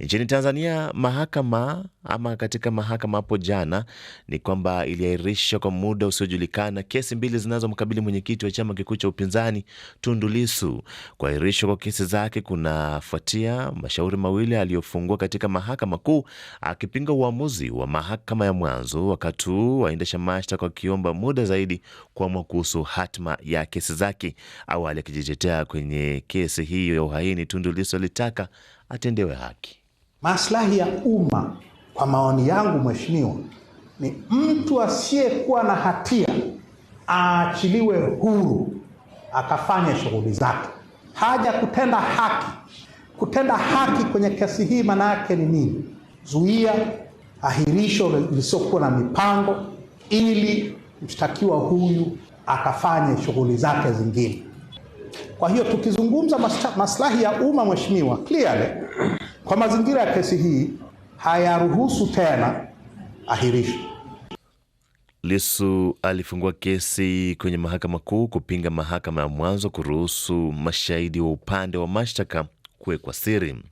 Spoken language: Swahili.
Nchini Tanzania, mahakama ama katika mahakama hapo jana ni kwamba iliahirisha kwa muda usiojulikana kesi mbili zinazomkabili mwenyekiti wa chama kikuu cha upinzani Tundu Lissu. Kuahirishwa kwa kesi zake kunafuatia mashauri mawili aliyofungua katika mahakama kuu akipinga uamuzi wa mahakama ya mwanzo, wakati huu waendesha mashtaka wakiomba muda zaidi kuamua kuhusu hatma ya kesi zake. Awali akijitetea kwenye kesi hiyo ya uhaini, Tundu Lissu alitaka atendewe haki. Maslahi ya umma kwa maoni yangu, mheshimiwa, ni mtu asiyekuwa na hatia aachiliwe huru akafanye shughuli zake. Haja kutenda haki. Kutenda haki kwenye kesi hii maana yake ni nini? Zuia ahirisho lisiokuwa na mipango, ili mshtakiwa huyu akafanye shughuli zake zingine. Kwa hiyo tukizungumza maslahi ya umma, mheshimiwa, clearly kwa mazingira ya kesi hii hayaruhusu tena ahirisho. Lisu alifungua kesi kwenye mahakama kuu kupinga mahakama ya mwanzo kuruhusu mashahidi wa upande wa mashtaka kuwekwa siri.